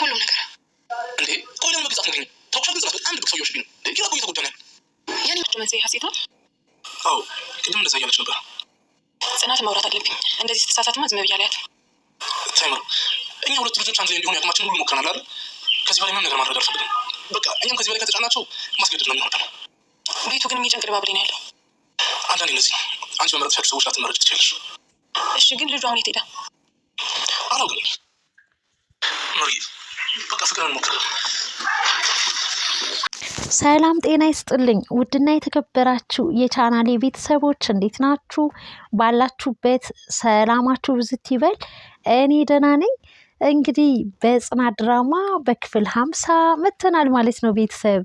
ሁሉም ነገር እንዴ ቆይ ደግሞ መግዛት ነገኝ ተኩሻ ግን ጽናት በጣም ድብቅ ሰውዬዎች ግን እንዴ ኪራ ቆይ ተጎዳናል። የኔ ወጭ መጽሄ ሀሴታ አዎ ቅድም እንደዛ እያለች ነበር። ጽናት ማውራት አለብኝ። እንደዚህ ስትሳሳትማ ዝም ብዬ አልያት። ተምሩ እኛ ሁለቱ ልጆች አንድ ላይ እንዲሆኑ ያቅማችን ሁሉ ሞክረናል አይደል? ከዚህ በላይ ምንም ነገር ማድረግ አልፈልግም። በቃ እኛም ከዚህ በላይ ከተጫናቸው ማስገደድ ነው የሚሆነው። ቤቱ ግን የሚጨንቅ ድባብ ላይ ነው ያለው። አንዳንዴ እንደዚህ አንቺ መምረጥ ሰዎች ላትመረጭ ትችላለሽ። እሺ ግን ልጁ አሁን የት ሄዳ አላውቅም። መርጌት በቃ ሰላም ጤና ይስጥልኝ። ውድና የተከበራችሁ የቻናሌ ቤተሰቦች እንዴት ናችሁ? ባላችሁበት ሰላማችሁ ብዝት ይበል። እኔ ደህና ነኝ። እንግዲህ በጽናት ድራማ በክፍል ሀምሳ መተናል ማለት ነው ቤተሰብ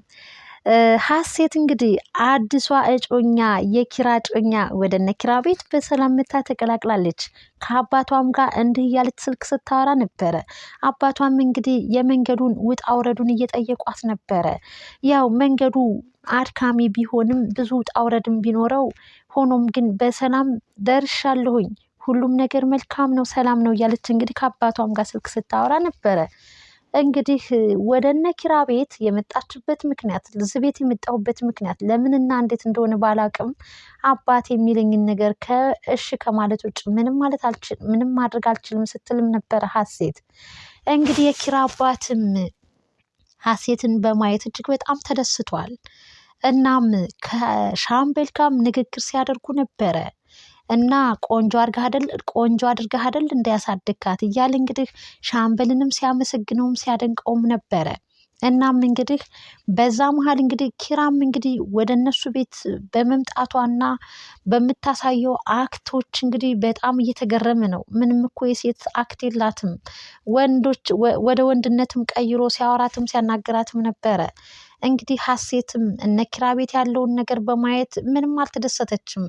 ሀሴት እንግዲህ አዲሷ እጮኛ የኪራ እጮኛ ወደ ነኪራ ቤት በሰላም ምታ ተቀላቅላለች። ከአባቷም ጋር እንዲህ እያለች ስልክ ስታወራ ነበረ። አባቷም እንግዲህ የመንገዱን ውጣ ውረዱን እየጠየቋት ነበረ። ያው መንገዱ አድካሚ ቢሆንም ብዙ ውጣ ውረድም ቢኖረው ሆኖም ግን በሰላም ደርሻለሁኝ፣ ሁሉም ነገር መልካም ነው፣ ሰላም ነው እያለች እንግዲህ ከአባቷም ጋር ስልክ ስታወራ ነበረ። እንግዲህ ወደ እነ ኪራ ቤት የመጣችበት ምክንያት እዚህ ቤት የመጣሁበት ምክንያት ለምንና እንዴት እንደሆነ ባላቅም አባት የሚለኝን ነገር ከእሺ ከማለት ውጭ ምንም ማለት አልችልም፣ ምንም ማድረግ አልችልም ስትልም ነበረ ሀሴት። እንግዲህ የኪራ አባትም ሀሴትን በማየት እጅግ በጣም ተደስቷል። እናም ከሻምበል ጋርም ንግግር ሲያደርጉ ነበረ። እና ቆንጆ አድርገህ አይደል ቆንጆ አድርገህ አይደል እንደ እያለ እንግዲህ ሻምበልንም ሲያመሰግነውም ሲያደንቀውም ነበረ። እናም እንግዲህ በዛ መሀል እንግዲህ ኪራም እንግዲህ ወደ እነሱ ቤት በመምጣቷና በምታሳየው አክቶች እንግዲህ በጣም እየተገረመ ነው። ምንም እኮ የሴት አክት የላትም። ወንዶች ወደ ወንድነትም ቀይሮ ሲያወራትም ሲያናግራትም ነበረ። እንግዲህ ሀሴትም እነ ኪራ ቤት ያለውን ነገር በማየት ምንም አልተደሰተችም።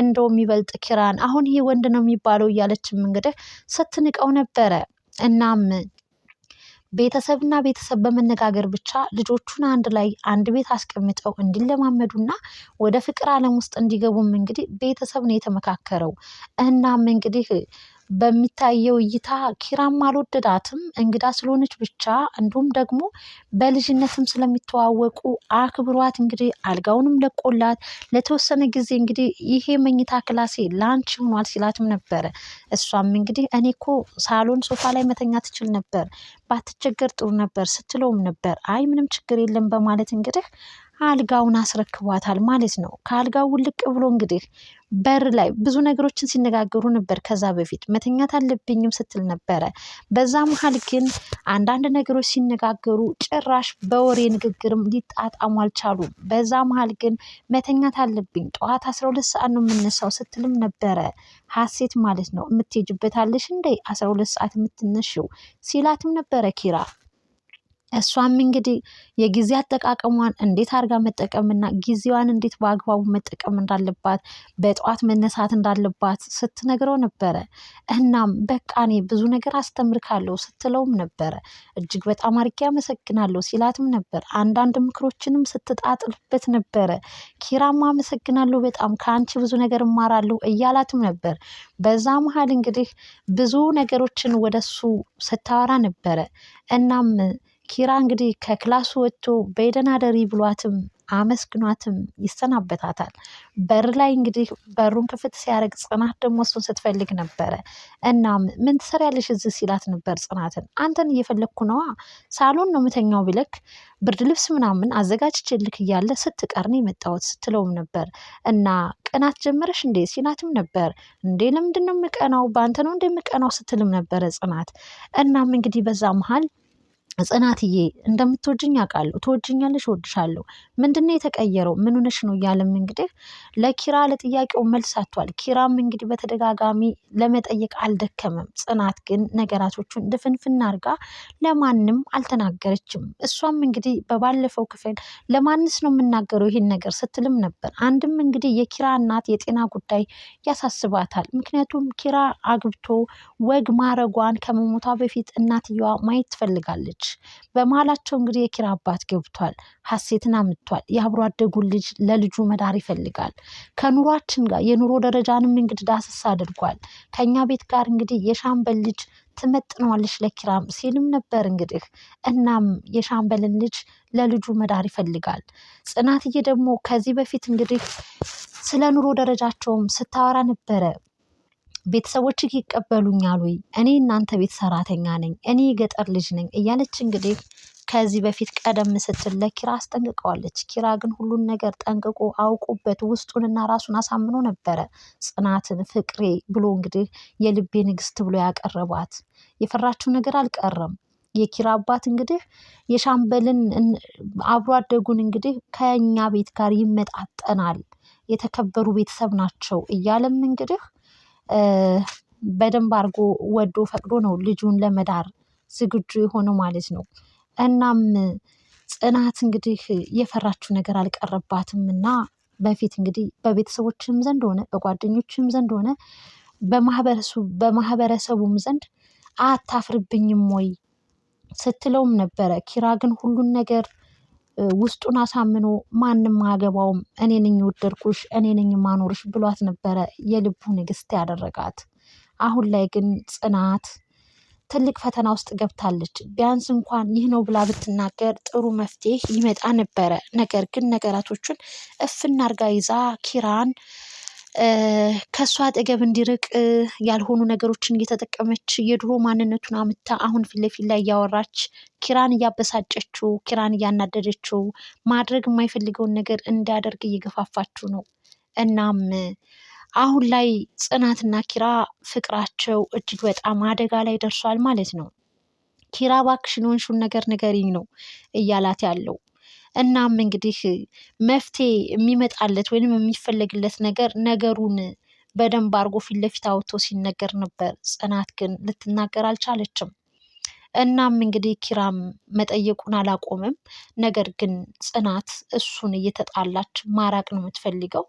እንደው የሚበልጥ ኪራን አሁን ይሄ ወንድ ነው የሚባለው እያለችም እንግዲህ ስትንቀው ነበረ። እናም ቤተሰብና ቤተሰብ በመነጋገር ብቻ ልጆቹን አንድ ላይ አንድ ቤት አስቀምጠው እንዲለማመዱና ወደ ፍቅር ዓለም ውስጥ እንዲገቡም እንግዲህ ቤተሰብ ነው የተመካከረው። እናም እንግዲህ በሚታየው እይታ ኪራም አልወደዳትም። እንግዳ ስለሆነች ብቻ እንዲሁም ደግሞ በልጅነትም ስለሚተዋወቁ አክብሯት እንግዲህ አልጋውንም ለቆላት ለተወሰነ ጊዜ እንግዲህ ይሄ መኝታ ክላሴ ላንች ሆኗል ሲላትም ነበረ። እሷም እንግዲህ እኔ እኮ ሳሎን ሶፋ ላይ መተኛ ትችል ነበር፣ ባትቸገር ጥሩ ነበር ስትለውም ነበር። አይ ምንም ችግር የለም በማለት እንግዲህ አልጋውን አስረክቧታል ማለት ነው። ከአልጋው ውልቅ ብሎ እንግዲህ በር ላይ ብዙ ነገሮችን ሲነጋገሩ ነበር። ከዛ በፊት መተኛት አለብኝም ስትል ነበረ። በዛ መሀል ግን አንዳንድ ነገሮች ሲነጋገሩ ጭራሽ በወሬ ንግግርም ሊጣጣሙ አልቻሉም። በዛ መሀል ግን መተኛት አለብኝ ጠዋት አስራ ሁለት ሰዓት ነው የምነሳው ስትልም ነበረ። ሀሴት ማለት ነው የምትሄጅበታለሽ እንደ አስራ ሁለት ሰዓት የምትነሽው ሲላትም ነበረ ኪራ እሷም እንግዲህ የጊዜ አጠቃቀሟን እንዴት አድርጋ መጠቀምና ጊዜዋን እንዴት በአግባቡ መጠቀም እንዳለባት በጠዋት መነሳት እንዳለባት ስትነግረው ነበረ። እናም በቃ እኔ ብዙ ነገር አስተምርካለሁ ስትለውም ነበረ። እጅግ በጣም አድርጌ አመሰግናለሁ ሲላትም ነበር። አንዳንድ ምክሮችንም ስትጣጥልበት ነበረ። ኪራም አመሰግናለሁ በጣም ከአንቺ ብዙ ነገር እማራለሁ እያላትም ነበር። በዛ መሀል እንግዲህ ብዙ ነገሮችን ወደሱ ስታወራ ነበረ። እናም ኪራ እንግዲህ ከክላሱ ወጥቶ በደህና አደሪ ብሏትም አመስግኗትም ይሰናበታታል። በር ላይ እንግዲህ በሩን ክፍት ሲያደርግ ጽናት ደግሞ እሱን ስትፈልግ ነበረ። እናም ምን ትሰሪያለሽ እዚህ ሲላት ነበር ጽናትን። አንተን እየፈለግኩ ነዋ ሳሎን ነው ምተኛው ብለክ ብርድ ልብስ ምናምን አዘጋጅቼልክ እያለ ስትቀርን የመጣሁት ስትለውም ነበር። እና ቅናት ጀመረሽ እንዴ ሲላትም ነበር። እንዴ ለምንድን ነው የምቀናው? በአንተ ነው እንደምቀናው ስትልም ነበረ ጽናት። እናም እንግዲህ በዛ መሀል ጽናትዬ እንደምትወጅኝ አውቃለሁ ትወጂኛለሽ ወድሻለሁ። ምንድነው የተቀየረው ምን ሆነሽ ነው እያለም እንግዲህ ለኪራ ለጥያቄው መልስ አቷል። ኪራም እንግዲህ በተደጋጋሚ ለመጠየቅ አልደከመም ጽናት ግን ነገራቶቹን ድፍንፍን አድርጋ ለማንም አልተናገረችም እሷም እንግዲህ በባለፈው ክፍል ለማንስ ነው የምናገረው ይህን ነገር ስትልም ነበር አንድም እንግዲህ የኪራ እናት የጤና ጉዳይ ያሳስባታል ምክንያቱም ኪራ አግብቶ ወግ ማረጓን ከመሞቷ በፊት እናትየዋ ማየት ትፈልጋለች በመሀላቸው እንግዲህ የኪራ አባት ገብቷል። ሀሴትን አምጥቷል። የአብሮ አደጉን ልጅ ለልጁ መዳር ይፈልጋል። ከኑሯችን ጋር የኑሮ ደረጃንም እንግዲህ ዳስስ አድርጓል። ከእኛ ቤት ጋር እንግዲህ የሻምበል ልጅ ትመጥነዋለች ለኪራም ሲልም ነበር እንግዲህ እናም የሻምበልን ልጅ ለልጁ መዳር ይፈልጋል። ጽናትዬ ደግሞ ከዚህ በፊት እንግዲህ ስለ ኑሮ ደረጃቸውም ስታወራ ነበረ። ቤተሰቦች ይቀበሉኛል ወይ? እኔ እናንተ ቤት ሰራተኛ ነኝ እኔ የገጠር ልጅ ነኝ እያለች እንግዲህ ከዚህ በፊት ቀደም ስትል ለኪራ አስጠንቅቀዋለች ኪራ ግን ሁሉን ነገር ጠንቅቆ አውቆበት ውስጡንና ራሱን አሳምኖ ነበረ ጽናትን ፍቅሬ ብሎ እንግዲህ የልቤ ንግስት ብሎ ያቀረቧት የፈራችው ነገር አልቀረም። የኪራ አባት እንግዲህ የሻምበልን አብሮ አደጉን እንግዲህ ከኛ ቤት ጋር ይመጣጠናል የተከበሩ ቤተሰብ ናቸው እያለም እንግዲህ በደንብ አድርጎ ወዶ ፈቅዶ ነው ልጁን ለመዳር ዝግጁ የሆነው ማለት ነው። እናም ጽናት እንግዲህ የፈራችው ነገር አልቀረባትም እና በፊት እንግዲህ በቤተሰቦችም ዘንድ ሆነ በጓደኞችም ዘንድ ሆነ በማህበረሰቡም ዘንድ አታፍርብኝም ወይ ስትለውም ነበረ ኪራ ግን ሁሉን ነገር ውስጡን አሳምኖ ማንም አያገባውም እኔ ነኝ ወደድኩሽ እኔ ነኝ ማኖርሽ ብሏት ነበረ የልቡ ንግስት ያደረጋት። አሁን ላይ ግን ጽናት ትልቅ ፈተና ውስጥ ገብታለች። ቢያንስ እንኳን ይህ ነው ብላ ብትናገር ጥሩ መፍትሄ ይመጣ ነበረ። ነገር ግን ነገራቶቹን እፍና አርጋ ይዛ ኪራን ከእሷ አጠገብ እንዲርቅ ያልሆኑ ነገሮችን እየተጠቀመች የድሮ ማንነቱን አምታ አሁን ፊት ለፊት ላይ እያወራች ኪራን እያበሳጨችው፣ ኪራን እያናደደችው፣ ማድረግ የማይፈልገውን ነገር እንዳደርግ እየገፋፋችው ነው። እናም አሁን ላይ ጽናትና ኪራ ፍቅራቸው እጅግ በጣም አደጋ ላይ ደርሷል ማለት ነው። ኪራ እባክሽን የሆንሽውን ነገር ንገሪኝ ነው እያላት ያለው። እናም እንግዲህ መፍትሄ የሚመጣለት ወይንም የሚፈለግለት ነገር ነገሩን በደንብ አድርጎ ፊት ለፊት አውጥቶ ሲነገር ነበር። ጽናት ግን ልትናገር አልቻለችም። እናም እንግዲህ ኪራም መጠየቁን አላቆምም። ነገር ግን ጽናት እሱን እየተጣላች ማራቅ ነው የምትፈልገው።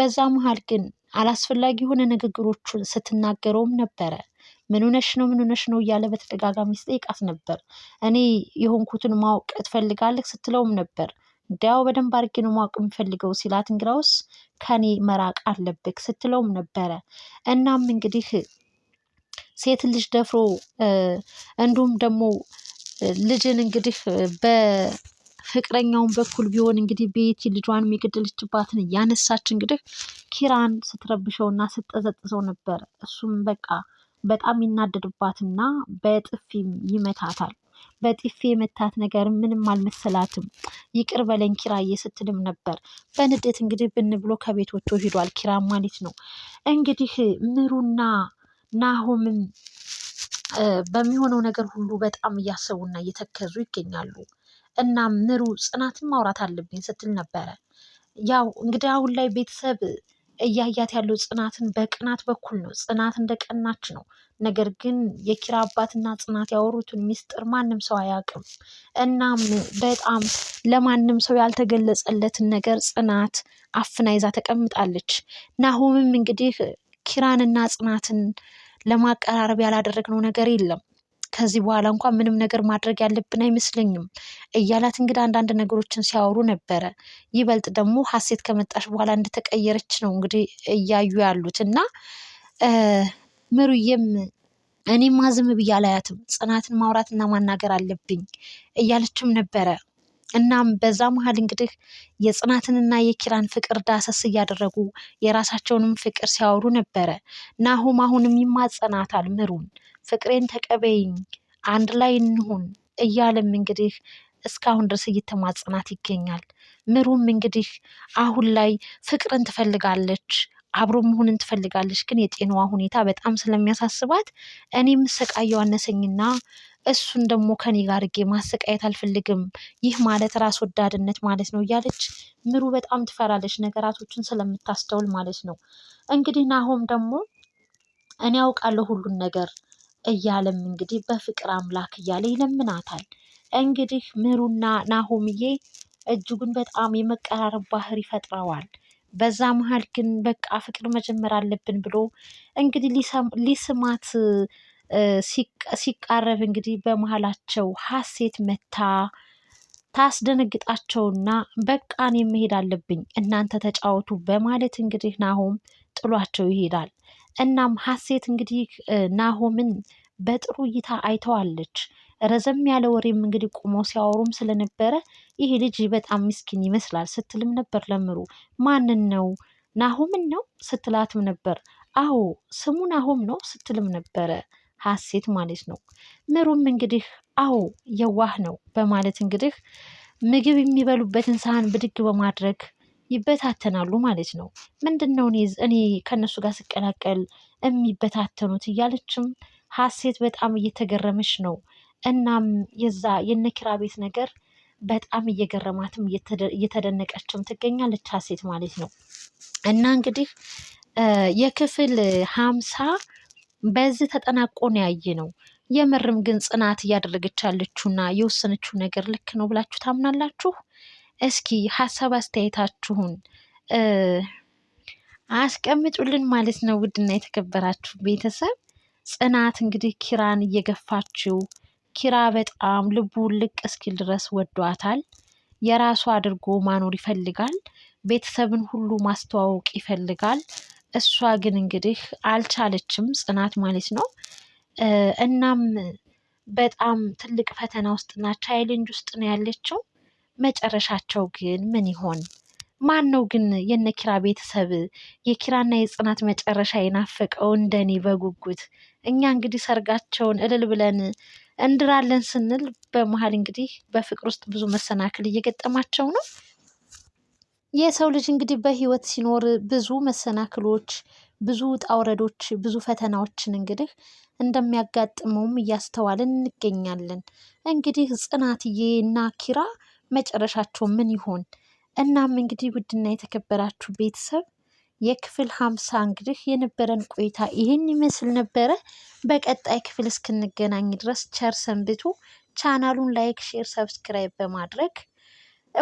በዛ መሀል ግን አላስፈላጊ የሆነ ንግግሮቹን ስትናገረውም ነበረ። ምን ሆነሽ ነው ምን ሆነሽ ነው እያለ በተደጋጋሚ ሲጠይቃት ነበር። እኔ የሆንኩትን ማወቅ ትፈልጋለህ ስትለውም ነበር። እንዲያው በደንብ አድርጌ ነው ማወቅ የምፈልገው ሲላት እንግዳውስ ከኔ መራቅ አለብህ ስትለውም ነበረ። እናም እንግዲህ ሴት ልጅ ደፍሮ እንዲሁም ደግሞ ልጅን እንግዲህ በፍቅረኛውን በኩል ቢሆን እንግዲህ ቤቲ ልጇን የገደለችባትን እያነሳች እንግዲህ ኪራን ስትረብሸውና ስትጠዘጥዘው ነበር። እሱም በቃ በጣም ይናደድባትና በጥፊም ይመታታል። በጥፊ የመታት ነገር ምንም አልመሰላትም። ይቅር በለኝ ኪራዬ ስትልም ነበር። በንዴት እንግዲህ ብን ብሎ ከቤት ወጥቶ ሂዷል ኪራ ማለት ነው። እንግዲህ ምሩና ናሆምም በሚሆነው ነገር ሁሉ በጣም እያሰቡና እየተከዙ ይገኛሉ። እና ምሩ ጽናትን ማውራት አለብኝ ስትል ነበረ። ያው እንግዲህ አሁን ላይ ቤተሰብ እያያት ያለው ጽናትን በቅናት በኩል ነው። ጽናት እንደቀናች ነው። ነገር ግን የኪራ አባትና ጽናት ያወሩትን ሚስጥር ማንም ሰው አያውቅም። እናም በጣም ለማንም ሰው ያልተገለጸለትን ነገር ጽናት አፍና ይዛ ተቀምጣለች። ናሆምም እንግዲህ ኪራንና ጽናትን ለማቀራረብ ያላደረግነው ነገር የለም። ከዚህ በኋላ እንኳን ምንም ነገር ማድረግ ያለብን አይመስለኝም እያላት እንግዲህ አንዳንድ ነገሮችን ሲያወሩ ነበረ። ይበልጥ ደግሞ ሀሴት ከመጣሽ በኋላ እንደተቀየረች ነው እንግዲህ እያዩ ያሉት እና ምሩዬም እኔ ማዝም ብዬ አላያትም ጽናትን ማውራትና ማናገር አለብኝ እያለችም ነበረ። እናም በዛ መሀል እንግዲህ የጽናትንና የኪራን ፍቅር ዳሰስ እያደረጉ የራሳቸውንም ፍቅር ሲያወሩ ነበረ። ናሆም አሁንም ይማጸናታል ምሩን ፍቅሬን ተቀበይኝ አንድ ላይ እንሁን እያለም እንግዲህ እስካሁን ድረስ እየተማጽናት ይገኛል። ምሩም እንግዲህ አሁን ላይ ፍቅርን ትፈልጋለች አብሮ መሆንን ትፈልጋለች። ግን የጤናዋ ሁኔታ በጣም ስለሚያሳስባት እኔም ስቃየው አነሰኝና እሱን ደግሞ ከኔ ጋር ጌ ማሰቃየት አልፈልግም፣ ይህ ማለት ራስ ወዳድነት ማለት ነው እያለች ምሩ በጣም ትፈራለች፣ ነገራቶችን ስለምታስተውል ማለት ነው። እንግዲህ ናሆም ደግሞ እኔ አውቃለሁ ሁሉን ነገር እያለም እንግዲህ በፍቅር አምላክ እያለ ይለምናታል። እንግዲህ ምሩና ናሆምዬ እጅጉን በጣም የመቀራረብ ባህር ይፈጥረዋል። በዛ መሀል ግን በቃ ፍቅር መጀመር አለብን ብሎ እንግዲህ ሊስማት ሲቃረብ እንግዲህ በመሀላቸው ሀሴት መታ ታስደነግጣቸውና በቃ እኔ መሄድ አለብኝ እናንተ ተጫወቱ በማለት እንግዲህ ናሆም ጥሏቸው ይሄዳል። እናም ሀሴት እንግዲህ ናሆምን በጥሩ እይታ አይተዋለች። ረዘም ያለ ወሬም እንግዲህ ቁመው ሲያወሩም ስለነበረ ይህ ልጅ በጣም ምስኪን ይመስላል ስትልም ነበር። ለምሩ ማንን ነው ናሆምን ነው ስትላትም ነበር። አዎ ስሙ ናሆም ነው ስትልም ነበረ ሀሴት ማለት ነው። ምሩም እንግዲህ አዎ የዋህ ነው በማለት እንግዲህ ምግብ የሚበሉበትን ሳህን ብድግ በማድረግ ይበታተናሉ ማለት ነው። ምንድነው እኔ እኔ ከእነሱ ጋር ስቀላቀል የሚበታተኑት እያለችም ሀሴት በጣም እየተገረመች ነው። እናም የዛ የነኪራ ቤት ነገር በጣም እየገረማትም እየተደነቀችም ትገኛለች ሀሴት ማለት ነው። እና እንግዲህ የክፍል ሀምሳ በዚህ ተጠናቆ ነው የምርም ግን ጽናት እያደረገች ያለችውና የወሰነችው ነገር ልክ ነው ብላችሁ ታምናላችሁ? እስኪ ሀሳብ አስተያየታችሁን አስቀምጡልን ማለት ነው። ውድና የተከበራችሁ ቤተሰብ ጽናት እንግዲህ ኪራን እየገፋችው፣ ኪራ በጣም ልቡ ልቅ እስኪል ድረስ ወዷታል። የራሱ አድርጎ ማኖር ይፈልጋል። ቤተሰብን ሁሉ ማስተዋወቅ ይፈልጋል። እሷ ግን እንግዲህ አልቻለችም ጽናት ማለት ነው። እናም በጣም ትልቅ ፈተና ውስጥና ቻይሌንጅ ውስጥ ነው ያለችው። መጨረሻቸው ግን ምን ይሆን? ማን ነው ግን የነ ኪራ ቤተሰብ የኪራና የጽናት መጨረሻ የናፈቀው እንደኔ በጉጉት? እኛ እንግዲህ ሰርጋቸውን እልል ብለን እንድራለን ስንል በመሀል እንግዲህ በፍቅር ውስጥ ብዙ መሰናክል እየገጠማቸው ነው። የሰው ልጅ እንግዲህ በህይወት ሲኖር ብዙ መሰናክሎች፣ ብዙ ውጣ ውረዶች፣ ብዙ ፈተናዎችን እንግዲህ እንደሚያጋጥመውም እያስተዋልን እንገኛለን። እንግዲህ ጽናትዬ እና ኪራ መጨረሻቸው ምን ይሆን? እናም እንግዲህ ውድና የተከበራችሁ ቤተሰብ የክፍል ሀምሳ እንግዲህ የነበረን ቆይታ ይህን ይመስል ነበረ። በቀጣይ ክፍል እስክንገናኝ ድረስ ቸር ሰንብቱ። ቻናሉን ላይክ፣ ሼር፣ ሰብስክራይብ በማድረግ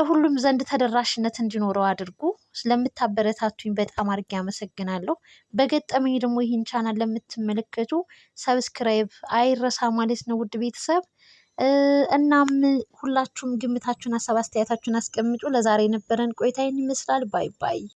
ሁሉም ዘንድ ተደራሽነት እንዲኖረው አድርጉ። ስለምታበረታቱኝ በጣም አድርጌ አመሰግናለሁ። በገጠመኝ ደግሞ ይህን ቻናል ለምትመለከቱ ሰብስክራይብ አይረሳ ማለት ነው ውድ ቤተሰብ እናም ሁላችሁም ግምታችሁን፣ ሀሳብ አስተያየታችሁን አስቀምጡ። ለዛሬ የነበረን ቆይታ ይህን ይመስላል። ባይ ባይ።